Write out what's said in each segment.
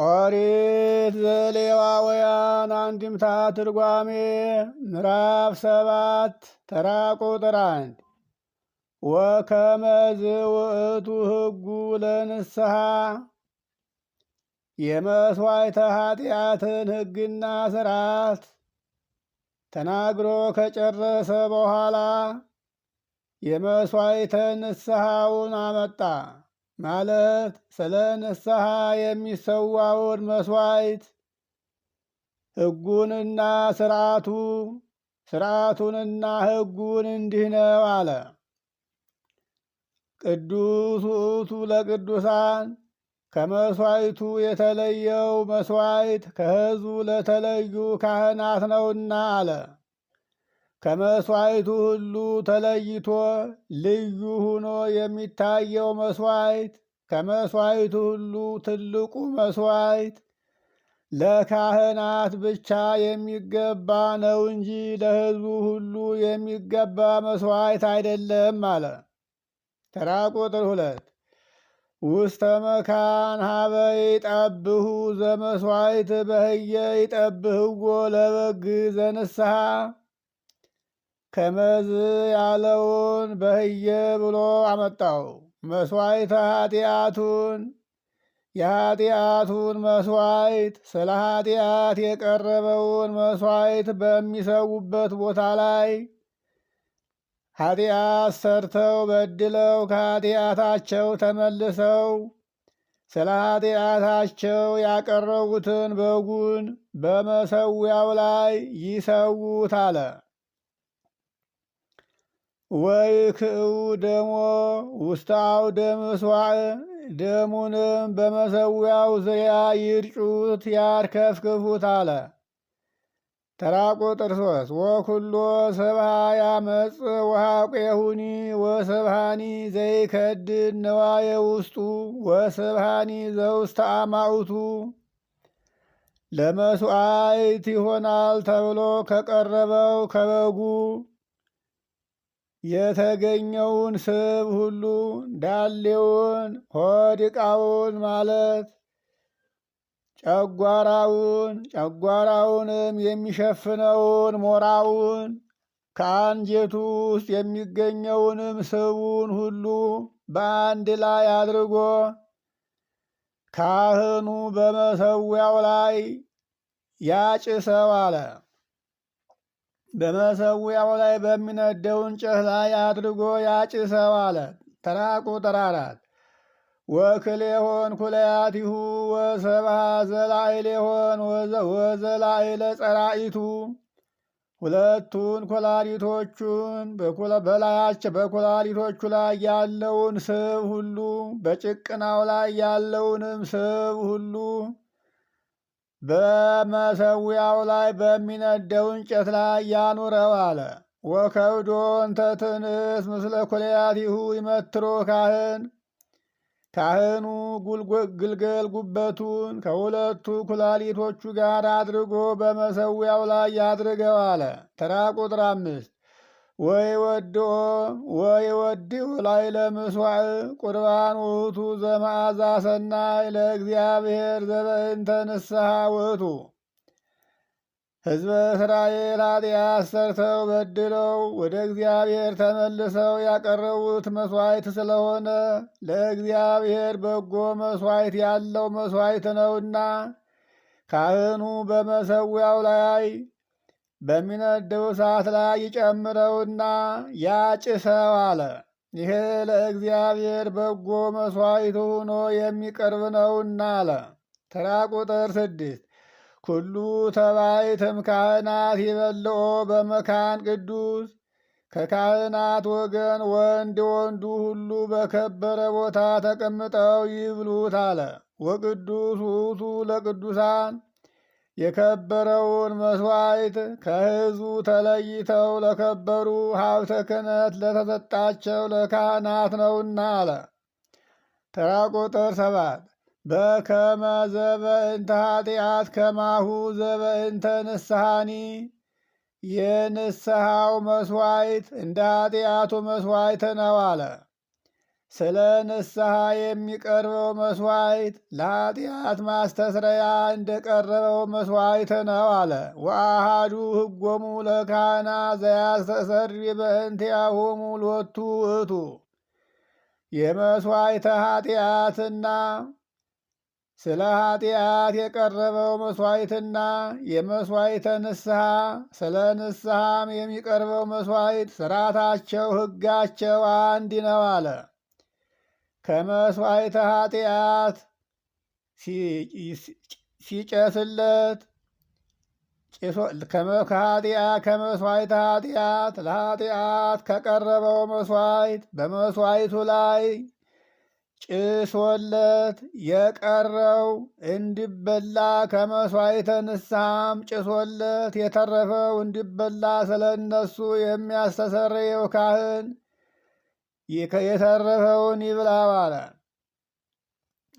ኦሪት ዘሌዋውያን አንድምታ ትርጓሜ ምዕራፍ ሰባት ተራ ቁጥር አንድ ወከመዝ ውእቱ ህጉ ለንስሐ የመስዋይተ ኃጢአትን ህግና ስርዓት ተናግሮ ከጨረሰ በኋላ የመስዋይተ ንስሐውን አመጣ። ማለት ስለ ንስሐ የሚሰዋውን መስዋዕት ሕጉንና ስርዓቱ ስርዓቱንና ሕጉን እንዲህ ነው አለ። ቅዱስ ውእቱ ለቅዱሳን ከመስዋዕቱ የተለየው መስዋዕት ከሕዝቡ ለተለዩ ካህናት ነውና አለ። ከመስዋይቱ ሁሉ ተለይቶ ልዩ ሆኖ የሚታየው መሥዋዕት ከመስዋይቱ ሁሉ ትልቁ መሥዋዕት ለካህናት ብቻ የሚገባ ነው እንጂ ለሕዝቡ ሁሉ የሚገባ መሥዋዕት አይደለም አለ። ተራ ቁጥር ሁለት ውስተ መካን ሀበ ይጠብሁ ዘመሥዋዕት በህየ ይጠብህዎ ለበግ ዘንስሐ ከመዝ ያለውን በህየ ብሎ አመጣው። መስዋይት ኃጢአቱን የኃጢአቱን መስዋይት ስለ ኃጢአት የቀረበውን መስዋይት በሚሰውበት ቦታ ላይ ኃጢአት ሰርተው በድለው ከኃጢአታቸው ተመልሰው ስለ ኃጢአታቸው ያቀረቡትን በጉን በመሰዊያው ላይ ይሰዉት አለ። ወይ ክእው ደሞ ውስተ አውደ ምሥዋዕ ደሙንም በመሰዊያው ዙሪያ ይርጩት ያርከፍክፉት አለ። ተራ ቁጥር ሶስት ወኩሎ ሰብሃ ያመጽ ወሐቄሁኒ ወሰብሃኒ ዘይከድድ ነዋየ ውስጡ ወሰብሃኒ ዘውስተ አማውቱ ለመስዋዕት ይሆናል ተብሎ ከቀረበው ከበጉ የተገኘውን ስብ ሁሉ ዳሌውን፣ ሆድ ዕቃውን ማለት ጨጓራውን፣ ጨጓራውንም የሚሸፍነውን ሞራውን ከአንጀቱ ውስጥ የሚገኘውንም ስቡን ሁሉ በአንድ ላይ አድርጎ ካህኑ በመሰዊያው ላይ ያጭሰው አለ። በመሰዊያው ላይ በሚነደው እንጨት ላይ አድርጎ ያጭሰው አለ። ተራ ቁጥር አራት ወክሌሆን ኩለያቲሁ ወሰብሃ ዘላይሌሆን ወዘላይለ ጸራኢቱ ሁለቱን ኮላሪቶቹን በላያቸው በኮላሪቶቹ ላይ ያለውን ስብ ሁሉ በጭቅናው ላይ ያለውንም ስብ ሁሉ በመሰዊያው ላይ በሚነደው እንጨት ላይ ያኑረው አለ። ወከብዶ እንተ ትንስ ምስለ ኩልያቲሁ ይመትሮ ካህን ካህኑ ግልገል ጉበቱን ከሁለቱ ኩላሊቶቹ ጋር አድርጎ በመሰዊያው ላይ ያድርገው አለ። ተራ ቁጥር አምስት ወይ ወይ ወይወዲው ላይ ለምስዋዕ ቁርባን ውቱ ዘመዓዛ ሰናይ ለእግዚአብሔር ዘበእንተ ንስሐ ውቱ ሕዝበ እስራኤል ኃጢአት ሰርተው በድለው ወደ እግዚአብሔር ተመልሰው ያቀረቡት መስዋዕት ስለሆነ ለእግዚአብሔር በጎ መስዋዕት ያለው መስዋዕት ነውና ካህኑ በመሰዊያው ላይ በሚነደው እሳት ላይ ይጨምረውና ያጭሰው አለ። ይሄ ለእግዚአብሔር በጎ መሥዋዕቱ ሆኖ የሚቀርብ ነውና አለ። ተራ ቁጥር ስድስት ኩሉ ተባይትም ካህናት ይበልኦ በመካን ቅዱስ ከካህናት ወገን ወንድ ወንዱ ሁሉ በከበረ ቦታ ተቀምጠው ይብሉት አለ። ወቅዱስ ውእቱ ለቅዱሳን የከበረውን መስዋዕት ከሕዝቡ ተለይተው ለከበሩ ሀብተ ክህነት ለተሰጣቸው ለካህናት ነውና አለ። ተራ ቁጥር ሰባት በከመ ዘበእንተ ኃጢአት ከማሁ ዘበእንተ ንስሐኒ የንስሐው መስዋዕት እንደ ኃጢአቱ መስዋዕት ነው አለ። ስለ ንስሐ የሚቀርበው መስዋይት ለኃጢአት ማስተስረያ እንደቀረበው መስዋይት ነው አለ። ወአሃዱ ህጎሙ ለካህና ዘያስተሰሪ በእንቲአሆሙ ሎቱ እቱ የመስዋይተ ኃጢአትና ስለ ኃጢአት የቀረበው መስዋይትና የመስዋይተ ንስሐ ስለ ንስሐም የሚቀርበው መሥዋዕት ስርዓታቸው ህጋቸው አንድ ነው አለ። ከመስዋዕተ ኃጢአት ሲጨስለት ከመስዋዕተ ኃጢአት ለኃጢአት ከቀረበው መስዋዕት በመስዋዕቱ ላይ ጭሶለት የቀረው እንዲበላ ከመስዋዕተ ንስሐም ጭሶለት የተረፈው እንዲበላ ስለ እነሱ የሚያስተሰርየው ካህን የተረፈውን ይብላባለ ባለ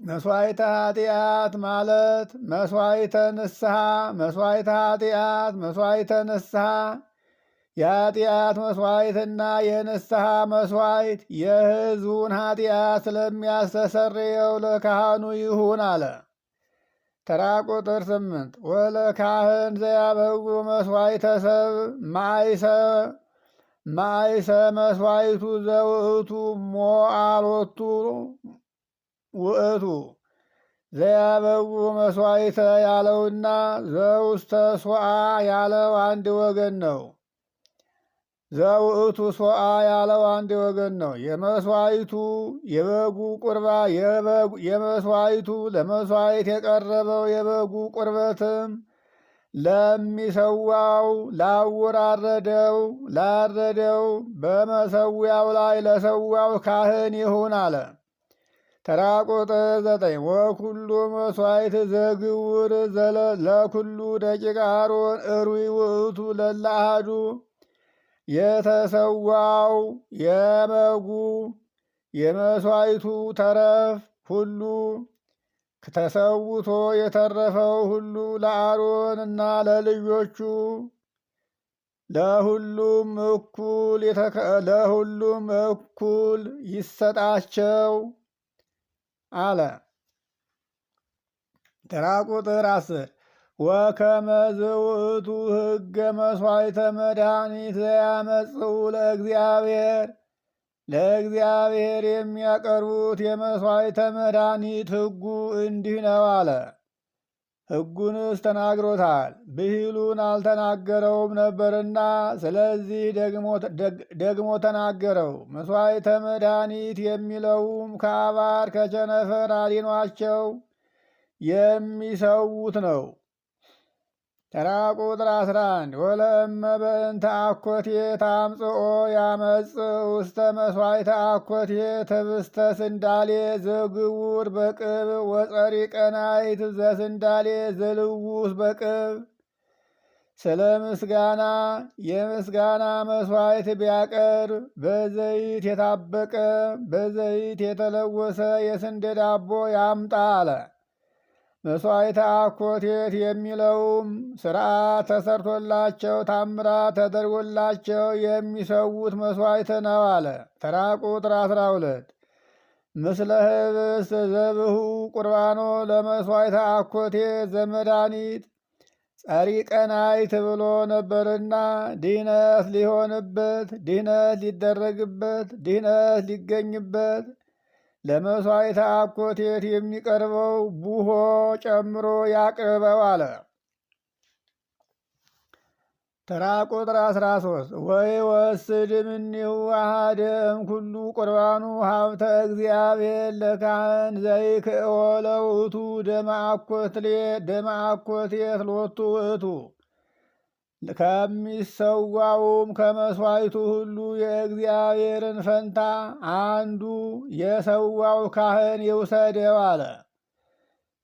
መስዋዕተ ኃጢአት ማለት መስዋይተ ንስሐ፣ መስዋዕተ ኃጢአት፣ መስዋይተ ንስሐ፣ የኃጢአት መስዋይትና የንስሐ መስዋይት የሕዝቡን ኃጢአት ስለሚያስተሰርየው ለካህኑ ይሁን አለ። ተራ ቁጥር ስምንት ወለ ካህን ዘያበጉ መስዋዕተ ሰብ ማይሰ ማይሰ መስዋይቱ ዘውእቱ ሞአሎቱ ውእቱ ዘያበው መስዋይተ ያለውና ዘውስተ ሶአ ያለው አንድ ወገን ነው። ዘውእቱ ሶአ ያለው አንድ ወገን ነው። የመስዋይቱ የበጉ ቁርባ የመስዋይቱ ለመስዋይት የቀረበው የበጉ ቁርበትም ለሚሰዋው ላውራረደው ላረደው በመሰዊያው ላይ ለሰዋው ካህን ይሁን አለ። ተራ ቁጥር ዘጠኝ ወኩሉ መስዋዕት ዘግውር ለኩሉ ደቂቀ አሮን እሩይ ውእቱ ለላሃዱ የተሰዋው የመጉ የመስዋዕቱ ተረፍ ሁሉ ተሰውቶ የተረፈው ሁሉ ለአሮን እና ለልጆቹ ለሁሉም እኩል ለሁሉም እኩል ይሰጣቸው አለ። ተራ ቁጥር አስር ወከመ ዝውእቱ ሕገ መሥዋዕተ መድኃኒት ዘያመጽኡ ለእግዚአብሔር ለእግዚአብሔር የሚያቀርቡት የመሥዋዕተ መድኃኒት ሕጉ እንዲህ ነው አለ። ሕጉንስ ተናግሮታል፣ ብሂሉን አልተናገረውም ነበርና፣ ስለዚህ ደግሞ ተናገረው። መሥዋዕተ መድኃኒት የሚለውም ከአባር ከቸነፈር አዲኗቸው የሚሰዉት ነው። ተራ ቁጥር አስራ አንድ በእንተ አኮቴ ታምጽኦ ያመጽ ውስተ መስዋይተ አኮቴ ትብስተ ስንዳሌ ዘግውር በቅብ ወፀሪ ቀናይት ዘስንዳሌ ዘልውስ በቅብ ስለ ምስጋና የምስጋና መስዋይት ቢያቀር በዘይት የታበቀ በዘይት የተለወሰ የስንዴ ዳቦ ያምጣ አለ። መስዋዕተ አኮቴት የሚለውም ስርዓት ተሰርቶላቸው ታምራት ተደርጎላቸው የሚሰዉት መስዋዕት ነው አለ። ተራ ቁጥር 12 ምስለ ህብስ ዘብሁ ቁርባኖ ለመስዋዕተ አኮቴት ዘመድኃኒት ጸሪቀናይት ብሎ ነበርና ድህነት ሊሆንበት፣ ድህነት ሊደረግበት፣ ድህነት ሊገኝበት ለመሥዋዕተ አኮቴት የሚቀርበው ቡሆ ጨምሮ ያቅርበው አለ። ተራ ቁጥር 13 ወይ ወስድ እምኔሁ አሐደ እምኩሉ ቁርባኑ ሀብተ እግዚአብሔር ለካህን ዘይክእ ወለውቱ ደመ አኮቴት ሎቱ እቱ ከሚሰዋውም ከመስዋይቱ ሁሉ የእግዚአብሔርን ፈንታ አንዱ የሰዋው ካህን ይውሰደው አለ።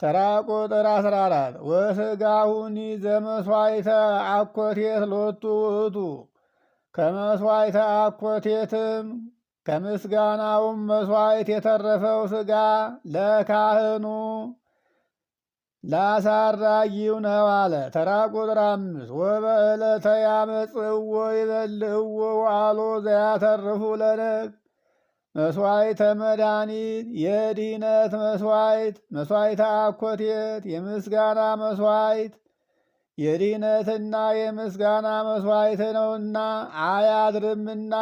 ተራ ቁጥር 14 ወስጋሁኒ ዘመስዋይተ አኮቴት ሎቱ ውእቱ ከመስዋይተ አኮቴትም ከምስጋናውም መስዋይት የተረፈው ስጋ ለካህኑ ላሳራጊው ነው አለ። ተራ ቁጥር አምስት ወበእለተ ያመጽእዎ ይበልእዎ ዋሎ ዘያተርፉ ለነግ መስዋይተ መድኃኒት የድህነት መስዋይት መስዋይተ አኮቴት የምስጋና መስዋይት የድህነትና የምስጋና መስዋይት ነውና አያድርምና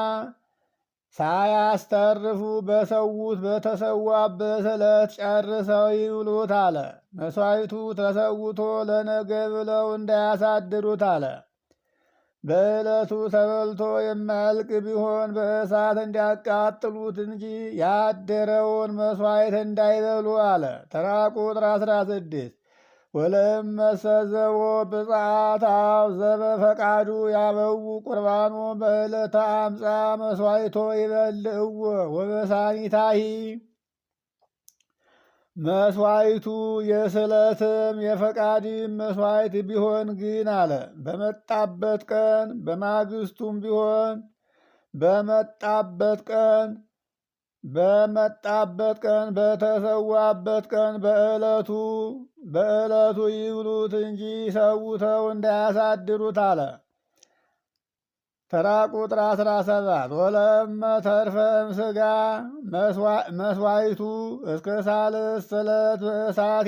ሳያስተርፉ በሰውት በተሰዋበት ዕለት ጨርሰው ይብሉት አለ። መስዋዕቱ ተሰውቶ ለነገ ብለው እንዳያሳድሩት አለ። በዕለቱ ተበልቶ የማያልቅ ቢሆን በእሳት እንዲያቃጥሉት እንጂ ያደረውን መሥዋዕት እንዳይበሉ አለ። ተራ ቁጥር 16 ወለመሰዘቦ ብጽዓት አብዘበ ፈቃዱ ያበው ቁርባኖ በዕለተ አምፃ መስዋይቶ ይበልእዎ ወበሳኒታሂ መስዋይቱ የስዕለትም የፈቃድም መስዋይት ቢሆን ግን አለ በመጣበት ቀን በማግስቱም ቢሆን በመጣበት ቀን በመጣበት ቀን በተሰዋበት ቀን በዕለቱ በዕለቱ ይብሉት እንጂ ሰውተው እንዳያሳድሩት አለ። ተራ ቁጥር 17 ወለመ ተርፈም ስጋ መስዋይቱ እስከ ሳልስት ዕለት በእሳት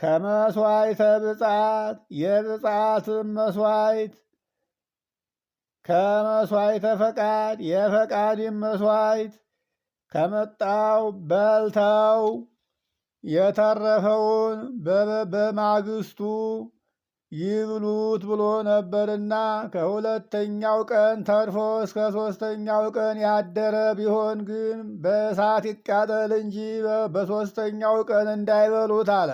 ከመስዋይተ ብጻት የብጻትም መስዋይት ከመስዋይተ ፈቃድ የፈቃድም መስዋይት ከመጣው በልተው የተረፈውን በማግስቱ ይብሉት ብሎ ነበርና ከሁለተኛው ቀን ተርፎ እስከ ሶስተኛው ቀን ያደረ ቢሆን ግን በእሳት ይቃጠል እንጂ በሶስተኛው ቀን እንዳይበሉት አለ።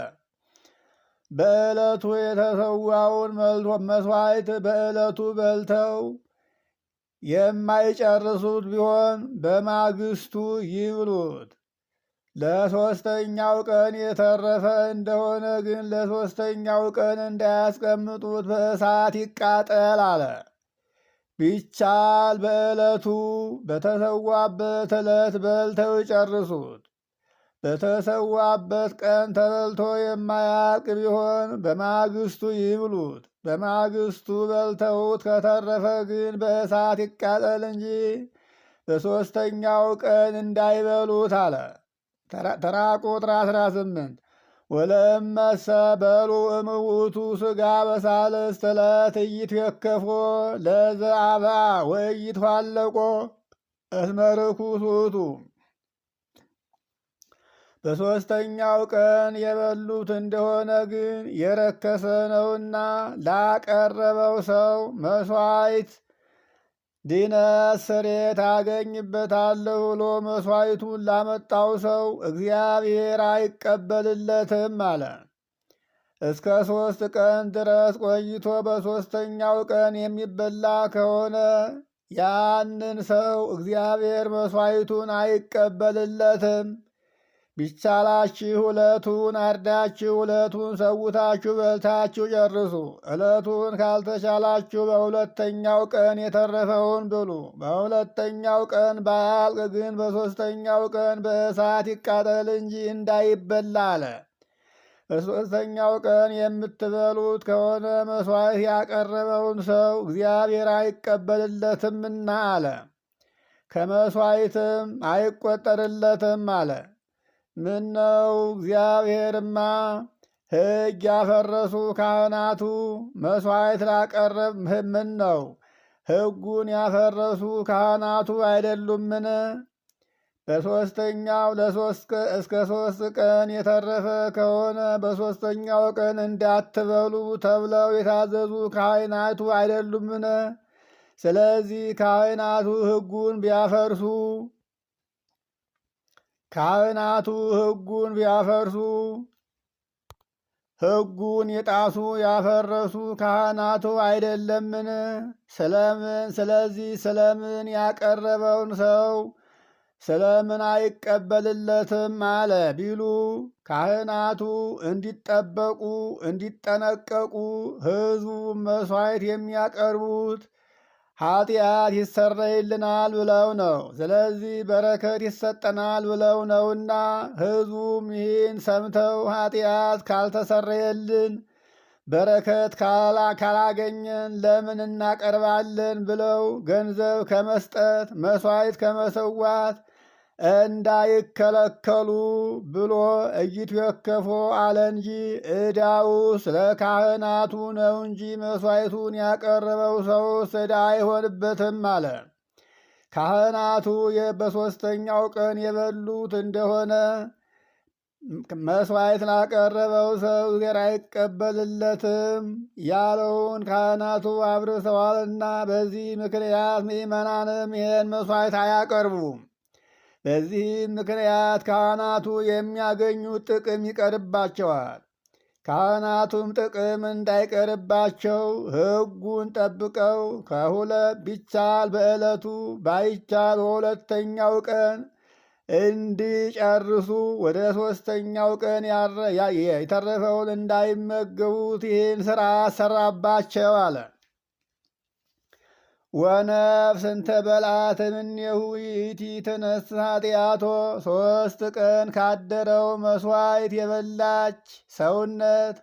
በዕለቱ የተሰዋውን መስዋዕት በዕለቱ በልተው የማይጨርሱት ቢሆን በማግስቱ ይብሉት። ለሶስተኛው ቀን የተረፈ እንደሆነ ግን ለሶስተኛው ቀን እንዳያስቀምጡት በእሳት ይቃጠል አለ። ቢቻል በዕለቱ በተሰዋበት ዕለት በልተው ይጨርሱት። በተሰዋበት ቀን ተበልቶ የማያልቅ ቢሆን በማግስቱ ይብሉት። በማግስቱ በልተውት ከተረፈ ግን በእሳት ይቃጠል እንጂ በሦስተኛው ቀን እንዳይበሉት አለ። ተራ ቁጥር 18 ወለመሰ በሉ እምውቱ ሥጋ በሳልስት ዕለት ኢይትዌከፎ ለዘ አብአ ወኢይትኋለቆ እስመ ርኩስ ውእቱ በሦስተኛው ቀን የበሉት እንደሆነ ግን የረከሰ ነውና ላቀረበው ሰው መሥዋዕት ድነት ስሬት አገኝበታለሁ ብሎ መሥዋዕቱን ላመጣው ሰው እግዚአብሔር አይቀበልለትም አለ። እስከ ሦስት ቀን ድረስ ቆይቶ በሦስተኛው ቀን የሚበላ ከሆነ ያንን ሰው እግዚአብሔር መሥዋዕቱን አይቀበልለትም። ቢቻላችሁ ዕለቱን አርዳችሁ ዕለቱን ሰውታችሁ በልታችሁ ጨርሱ። ዕለቱን ካልተቻላችሁ በሁለተኛው ቀን የተረፈውን ብሉ። በሁለተኛው ቀን ባያልቅ ግን በሦስተኛው ቀን በእሳት ይቃጠል እንጂ እንዳይበላ አለ። በሦስተኛው ቀን የምትበሉት ከሆነ መሥዋዕት ያቀረበውን ሰው እግዚአብሔር አይቀበልለትምና አለ። ከመሥዋዕትም አይቆጠርለትም አለ። ምነው እግዚአብሔርማ ሕግ ያፈረሱ ካህናቱ መሥዋዕት ላቀረብ ምን ነው ሕጉን ያፈረሱ ካህናቱ አይደሉምን? በሦስተኛው ለሦስት እስከ ሶስት ቀን የተረፈ ከሆነ በሦስተኛው ቀን እንዳትበሉ ተብለው የታዘዙ ካህናቱ አይደሉምን? ስለዚህ ካህናቱ ሕጉን ቢያፈርሱ ካህናቱ ሕጉን ቢያፈርሱ ሕጉን የጣሱ ያፈረሱ ካህናቱ አይደለምን? ስለምን ስለዚህ ስለምን ያቀረበውን ሰው ስለምን አይቀበልለትም አለ ቢሉ ካህናቱ እንዲጠበቁ እንዲጠነቀቁ ሕዝቡ መሥዋዕት የሚያቀርቡት ኃጢአት ይሰረይልናል ብለው ነው። ስለዚህ በረከት ይሰጠናል ብለው ነውና ሕዝቡም ይህን ሰምተው ኃጢአት ካልተሰረየልን በረከት ካላገኘን ለምን እናቀርባለን ብለው ገንዘብ ከመስጠት መስዋዕት ከመሰዋት እንዳይከለከሉ ብሎ ኢይትወከፎ አለ እንጂ እዳው ስለ ካህናቱ ነው እንጂ መሥዋዕቱን ያቀረበው ሰው ስዳ አይሆንበትም አለ። ካህናቱ በሦስተኛው ቀን የበሉት እንደሆነ መሥዋዕት ላቀረበው ሰው እግዚአብሔር አይቀበልለትም ያለውን ካህናቱ አብርሰዋልና፣ በዚህ ምክንያት ምዕመናንም ይህን መሥዋዕት አያቀርቡም። በዚህም ምክንያት ካህናቱ የሚያገኙት ጥቅም ይቀርባቸዋል። ካህናቱም ጥቅም እንዳይቀርባቸው ሕጉን ጠብቀው ከሁለት ቢቻል በዕለቱ ባይቻል በሁለተኛው ቀን እንዲጨርሱ ወደ ሦስተኛው ቀን የተረፈውን እንዳይመገቡት ይህን ሥራ ሰራባቸው አለ። ወነፍስ እንተ በልአተ እምኔሁ ይእቲ ተነስሐ ጢአቶ ሶስት ቀን ካደረው መስዋዕት የበላች ሰውነት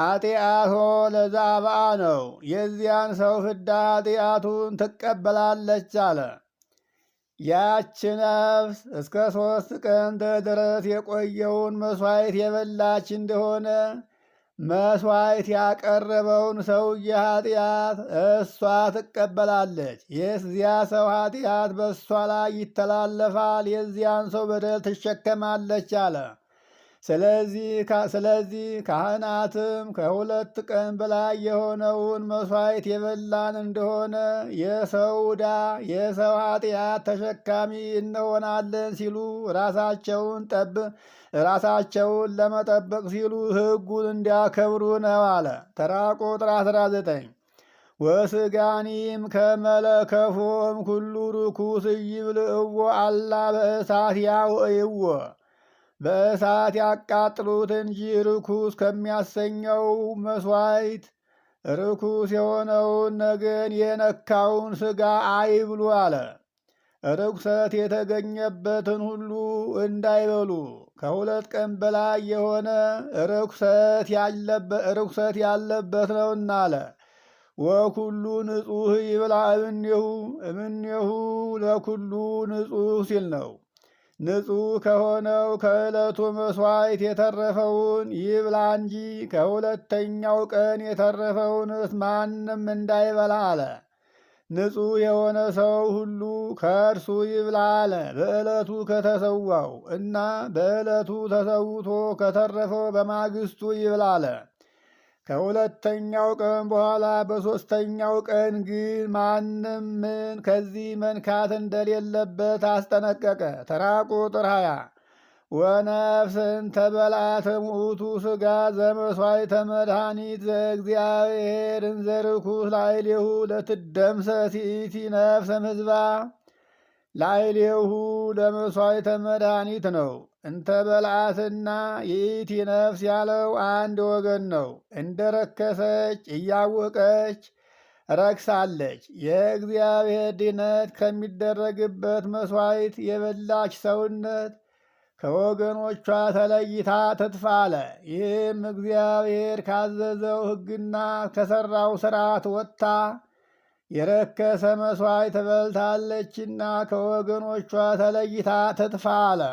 ኃጢአቶ ለዛብአ ነው። የዚያን ሰው ፍዳ ኃጢአቱን ትቀበላለች አለ። ያች ነፍስ እስከ ሶስት ቀን ድረስ የቆየውን መስዋዕት የበላች እንደሆነ መስዋዕት ያቀረበውን ሰውዬ ኃጢአት እሷ ትቀበላለች። የዚያ ሰው ኃጢአት በእሷ ላይ ይተላለፋል። የዚያን ሰው በደል ትሸከማለች አለ። ስለዚህ ካህናትም ከሁለት ቀን በላይ የሆነውን መስዋዕት የበላን እንደሆነ የሰው ዕዳ የሰው ኃጢአት ተሸካሚ እንሆናለን ሲሉ ራሳቸውን ጠብ ራሳቸውን ለመጠበቅ ሲሉ ሕጉን እንዲያከብሩ ነው አለ። ተራ ቁጥር 19 ወስጋኒም ከመለከፎም ኩሉ ርኩስ እይብልእዎ አላ በእሳት ያውእይዎ በእሳት ያቃጥሉት እንጂ ርኩስ ከሚያሰኘው መስዋዕት ርኩስ የሆነውን ነገን የነካውን ሥጋ አይብሉ አለ። ርኩሰት የተገኘበትን ሁሉ እንዳይበሉ። ከሁለት ቀን በላይ የሆነ ርኩሰት ያለበት ነውና አለ። ወኩሉ ንጹህ ይብላ እምኔሁ እምኔሁ ለኩሉ ንጹህ ሲል ነው። ንጹሕ ከሆነው ከዕለቱ መሥዋዕት የተረፈውን ይብላ እንጂ ከሁለተኛው ቀን የተረፈውንስ ማንም እንዳይበላ አለ። ንጹሕ የሆነ ሰው ሁሉ ከእርሱ ይብላ አለ። በዕለቱ ከተሰዋው እና በዕለቱ ተሰውቶ ከተረፈው በማግስቱ ይብላ አለ። ከሁለተኛው ቀን በኋላ በሦስተኛው ቀን ግን ማንም ምን ከዚህ መንካት እንደሌለበት አስጠነቀቀ። ተራ ቁጥር ሃያ ወነፍስን ተበልአተ ሙቱ ሥጋ ዘመሷይ ተመድኃኒት ዘእግዚአብሔር እንዘ ርኩስ ላዕሌሁ ለትደምሰስ ነፍሰ ምዝባ ላዕሌሁ ለመሷይ ተመድኃኒት ነው። እንተበልዓትና ይእቲ ነፍስ ያለው አንድ ወገን ነው። እንደ ረከሰች እያወቀች ረክሳለች። የእግዚአብሔር ድነት ከሚደረግበት መስዋዕት የበላች ሰውነት ከወገኖቿ ተለይታ ትጥፋለ ይህም እግዚአብሔር ካዘዘው ሕግና ከሠራው ሥርዓት ወጥታ የረከሰ መሥዋዕት ትበልታለችና ከወገኖቿ ተለይታ ትጥፋለ። አለ።